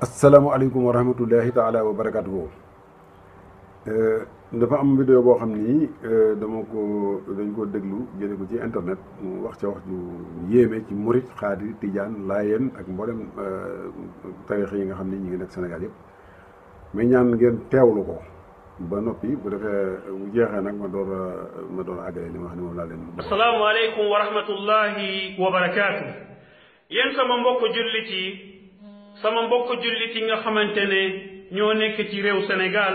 asalaamaaleykum wa rahmatullahi taala wa barakatuhu eh, dafa am vidéo boo xam ni eh, dama ko dañ ko déglu jële ko ci internet mu wax ca wax ju yéeme ci murit xaadir tijaan laayeen ak mboolem eh, tarix yi nga xam ni ñu ngi nekk Sénégal yëpp mais ñaan ngeen teewlu ko ba noppi bu defee bu jeexee nag ma door a ma door a àggale li ma wax ni moom laa leen asalaamaaleykum wa rahmatullahi wa barakaatu sama mbokk jullit yi sama mbokk jullit yi nga xamante ne ñoo nekk ci réew Sénégal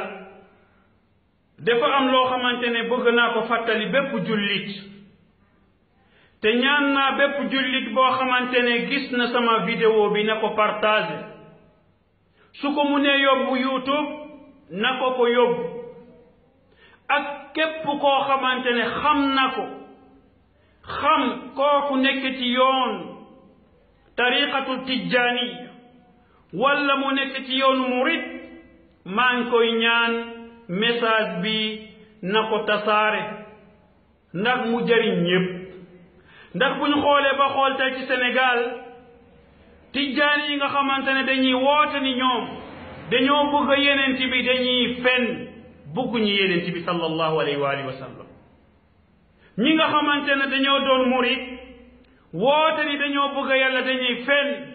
dafa am loo xamante ne bëgg naa ko fàttali bépp jullit te ñaan naa bépp jullit boo xamante ne gis na sama vidéo bi na ko partage su ko mu nee yóbbu YouTube na ko ko yóbbu ak képp koo xamante ne xam na ko xam kooku nekk ci yoon tariqatul tijjaaniya walla mu nekk ci yoonu murit maa ngi koy ñaan message bi na ko tasaare ndax mu jëriñ ñépp ndax bu ñu xoolee ba xool tey ci Sénégal tijjaan yi nga xamante ne dañuy woote ni ñoom dañoo bëgg a yenent bi dañuy fen bëgguñu yenent bi sallallahu alayhi wa alihi wa sallam ñi nga xamante ne dañoo doon murit woote ni dañoo bëgg a yàlla dañuy fen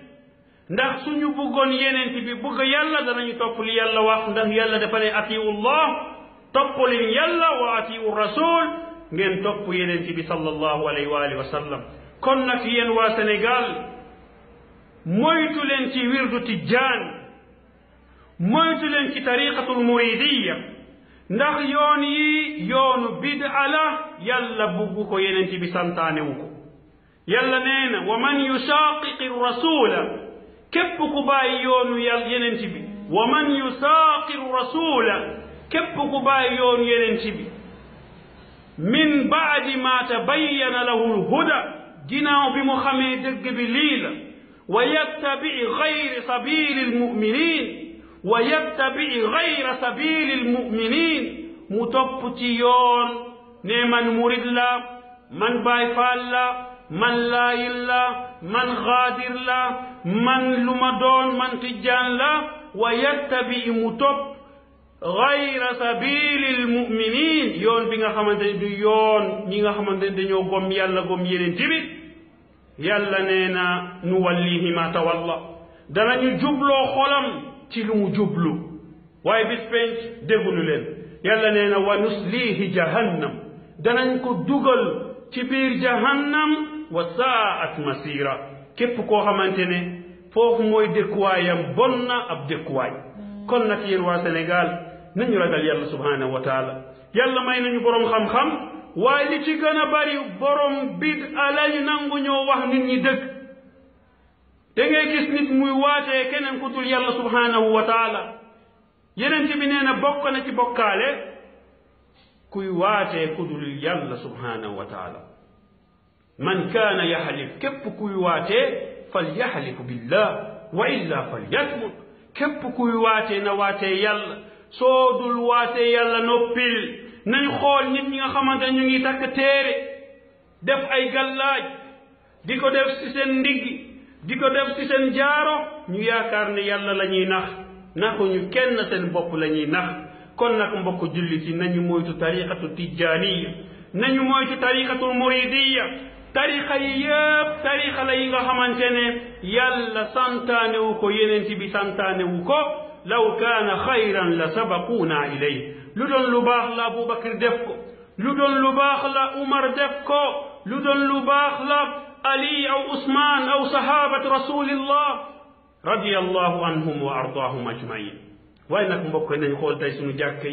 ndax suñu bëggoon yenent bi bëgg yàlla danañu topp li yàlla wax ndax yàlla dafa ne atiwullah topp leen yàlla wa atiwu rasul ngeen topp yenent bi sallallahu alayhi wa alihi wa sallam kon nag yéen waa Sénégal moytu leen ci wirdu tijjaan moytu leen ci tariqatul muridiya ndax yoon yi yoonu bid la yàlla bugg ko yenent bi santaane wu ko yàlla nee na wa man yushaqiqi rasula كيف كباي يون يلنتبي ومن يساق الرسول كيف كباي يون يلنتبي من بعد ما تبين له الهدى جنا بمحمد الجبليل ويتبع غير سبيل المؤمنين ويتبع غير سبيل المؤمنين متبتيون نيمان مريد من باي فالله من لا إلا من غادر لا من لمدون من تجان لا ويتبي متوب غير سبيل المؤمنين يون بيغا خامتاني دو يون نيغا خامتاني دانيو غوم يالا غوم يينن تيبي يالا نينا نوليه ما تولى دا نيو جوبلو خولام تي لومو جوبلو واي بيس بنت ديغولو لين يالا نينا ونسليه جهنم دا نكو دوغال تي بير جهنم وساءت مسيرا كيف كو خمانتني فوف موي ديكواي بوننا اب ديكواي كون نك يروا سنغال نيو راغال يالله سبحانه وتعالى يالله ماي نيو بروم خام خام واي لي تي غنا باري بروم بيد علي نانغو ньо واخ نيت ني دك داغي غيس نيت موي واتي كينن كوتول يالله سبحانه وتعالى يننتي بي نينا بوكنا سي بوكاله كوي واتي كودول يالله سبحانه وتعالى man kana yahlif képp kuy waatee falyahlif billah wa illa falyasmut képp kuy waatee na waatee yàlla soo dul waatee yàlla noppil nañ xool nit ñi nga xamante ñu ngi takk téere def ay gallaaj di ko def si seen ndigg di ko def si seen jaaro ñu yaakaar ne yàlla la ñuy nax nako ñu kenn seen bopp la ñuy nax kon nag mbokk jullit yi nañu moytu tariqatu tijjaaniya nañu moytu tariqatu muridiya tarixa yépp tarixa la yi nga xamante ne yàlla santaanewu ko yenent bi santaanewu ko law kaana xayran la sabaquuna ilay lu doon lu baax la abubakar def ko lu doon lu baax la umar def ko lu doon lu baax la ali aw usman aw sahabat rasulillah radiyallahu anhum wa ardaahum ajmain waaye nag mbokk nañ xool tey suñu jàkka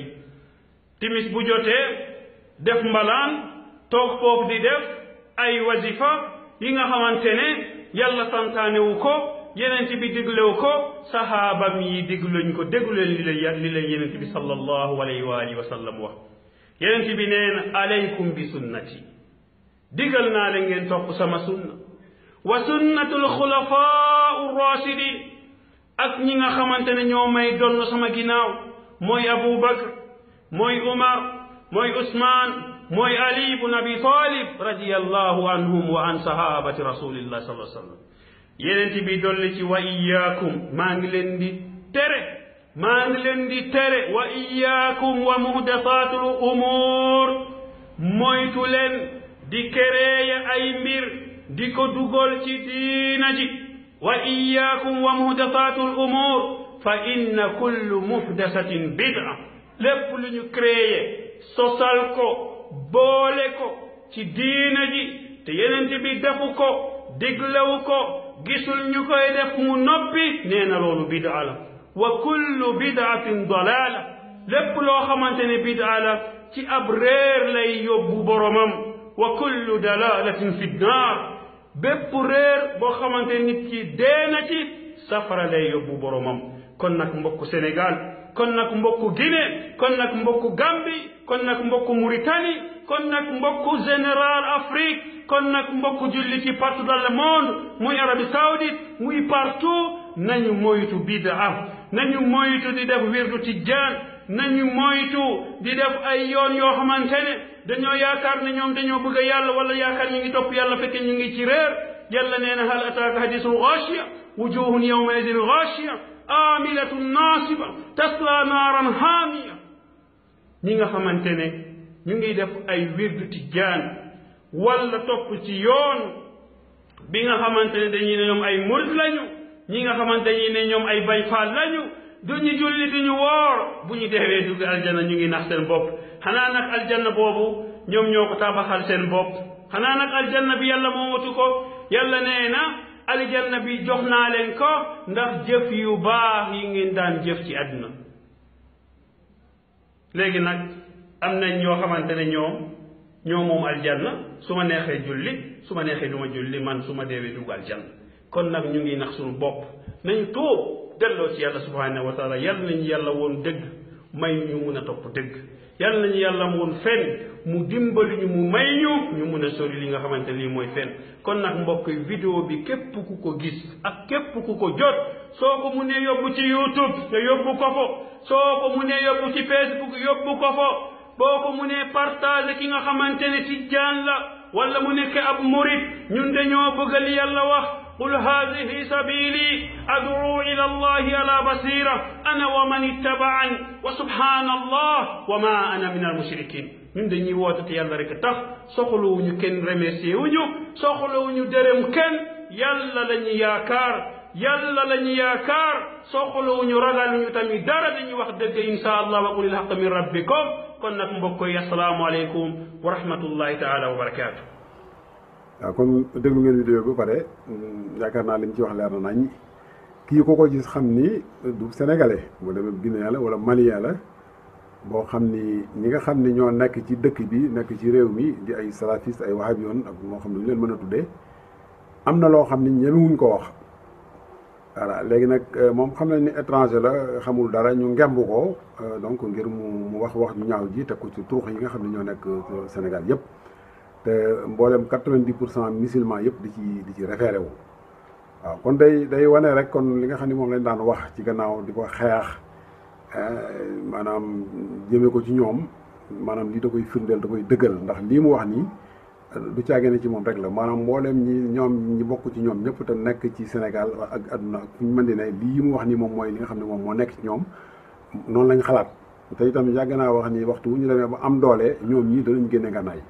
timis bu jotee def mbalaan toog foofu di def ay wazifa yi nga xamantene yalla santane santaanewu ko yenent bi diglew ko sahaba mi digluñ ko dégluleen li lay li la yenent bi sallallahu alayhi wa alihi wa sallam wax yenent bi neen alaykum bi sunnati digal na la ngeen top sama sunna wa sunnatul khulafa'u rashidin ak ñi nga xamantene ne ñoo may donn sama ginaaw moy abou bakr mooy umar moy usman موي علي بن ابي طالب رضي الله عنهم وعن صحابه رسول الله صلى الله عليه وسلم يلنتي بي دولي واياكم ما نلندي تري ما نلندي تري واياكم ومحدثات الامور مويتو لن دي كريا اي مير دي كو دوغول تي واياكم ومحدثات الامور فان كل محدثه بدعه لب لنيو كريي sosal ko boole ko ci diina ji te yenent bi defu ko diglewu ko gisul ñu koy def mu noppi nee na loolu bidaa la wa kullu bidaatin dalaala lépp loo xamante ne bidaa la ci ab réer lay yóbbu boromam wa kullu dalalatin fi nnaar bépp réer boo xamante nit ki dee na ci safara lay yóbbu boromam kon nag mbokk Sénégal kon nag mbokku Guinée kon nag mbokku Gambie kon nag mbokku Mauritanie kon nag mbokku général Afrique kon nag mbokku julli ci partout dans le monde muy Arabie Saoudite muy partout nañu moytu bidaa nañu moytu di def wirdu tijjaan nañu moytu di def ay yoon yoo xamante ne dañoo yaakaar ne ñoom dañoo bëgg a yàlla wala yaakaar ñu ngi topp yàlla fekke ñu ngi ci réer yàlla nee na hal ataaka hadisul xaashiya wujuhun yawma idin xaashiya aamilatu naasiba tasla naaran haamiya ñi nga xamante ne ñu ngi def ay wirdu tijaan walla topp ci yoon bi nga xamante ne dañuy ne ñoom ay murit lañu ñi nga xamante ne ñoom ay bay faal lañu duñu julli duñu woor bu ñu deewee dugg aljanna ñu ngi nax seen bopp xanaa nag aljanna boobu ñoom ñoo ko tabaxal seen bopp xanaa nag aljanna bi yàlla moomatu ko yàlla nee na aljanna bi jox naa leen ko ndax jëf yu baax yi ngeen daan jëf ci àdduna léegi nag am nañ ñoo xamante ne ñoom ñoo moom aljanna su ma neexee julli su ma neexee duma julli man su ma deewee dugg aljanna kon nag ñu ngi nax sunu bopp nañ tuub delloo ci yàlla subhanahu wa taala yàlla nañu yàlla woon dëgg may ñu mun a topp dëgg yàlla nañu yàlla woon fenn mu dimbali ñu mu may ñu ñu mun a sori li nga xamante lii mooy fen kon nag mbokk vidéo bi képp ku ko gis ak képp ku ko jot soo ko munee yóbbu ci youtube te yóbbu ko fo soo ko munee yóbbu ci facebook yóbbu ko fo boo ko munee partage ki nga xamante ne ci jaan la wala mu nekk ab murit ñun dañoo bëggal yàlla wax قل هذه سبيلي أدعو إلى الله على بصيرة أنا ومن اتبعني وسبحان الله وما أنا من المشركين ñun dañuy woote te yàlla rek tax soxlawuñu kenn remercier wuñu soxlawuñu dërëm kenn yàlla lañu yaakaar yàlla lañu yaakaar soxlawuñu ragaluñu tamit dara dañuy wax dëgg insha allah wa qulil haqq min rabbikum kon nag mbokk yi assalaamu aleykum wa rahmatullahi taala wa barakaatu waaw kon déglu ngeen vidéo ba pare yaakaar naa liñ ci wax leer na nañ kii ko ko gis xam ni du sénégalais wala guinéen la wala malien la boo xam ni ñi nga xam ne ñoo nekk ci dëkk bi nekk ci réew mi di ay salafiste ay wahabiyoon ak moo xam ne ñu leen mën a tuddee am na loo xam ni ñemewuñ ko wax voilà léegi nag euh, moom xam nañ ni étranger la xamul dara ñu ngemb ko euh, donc ngir mu mu wax wax ñu ñaaw ji te ko ci tuux yi nga xam ne ñoo nekk Sénégal yëpp te mbooleem quatre-vingt-dix pour cent musulman yëpp di ci di ci référé wu waaw kon day day wane rek kon li nga xam ne moom lañ daan wax ci gannaaw di ko xeex Eh, maanaam jëmee ko ci ñoom maanaam lii da koy firndeel da koy dëggal ndax lii mu wax nii lu eh, caagee ne ci moom rek la maanaam mbooleem ñi ñoom ñi bokk ci ñoom ñëpp te nekk ci Sénégal ak àdduna ak ñu mën di ne lii mu wax nii moom mooy li nga xam ne moom moo nekk ci ñoom noonu lañ xalaat tey itam yàgg naa wax ni waxtu ñu demee ba am doole ñoom ñii danañ génne ngànnaay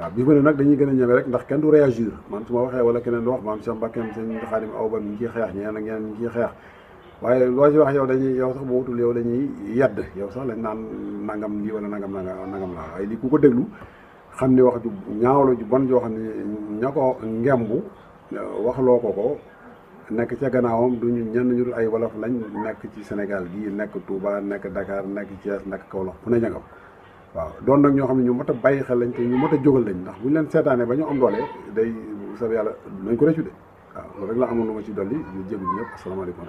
waaw bis bu ne nag dañuy gën a ñeme rek ndax kenn du réagir man su ma waxee wala keneen du wax maam Cheikh Mbacke sëñ Xaadim aw ba mi ngi ciy xeex ñeneen ak ñeneen ñi ciy xeex waaye loo ci wax yow dañuy yow sax boo wutul yow dañuy yedd yow sax lañ naan nangam lii wala nangam nangam laa waaye lii ku ko déglu xam ne wax ju ñaawlo ju bon joo xam ne ña ko ngemb waxloo ko ko nekk ca gannaawam duñu ñenn ñu dul ay wolof lañ nekk ci Sénégal gii nekk Touba nekk Dakar nekk Thiès nekk Kaolack fu ne ña waaw doon nag ñoo xam ne ñu mot a bàyyi xel lañ te ñu mot a jógal lañ ndax bu ñu leen seetaanee ba ñu am doole day sab yàlla nañ ko réccu de waaw loolu rek la amoon lu ma ci dolli ñu jégalu ñëpp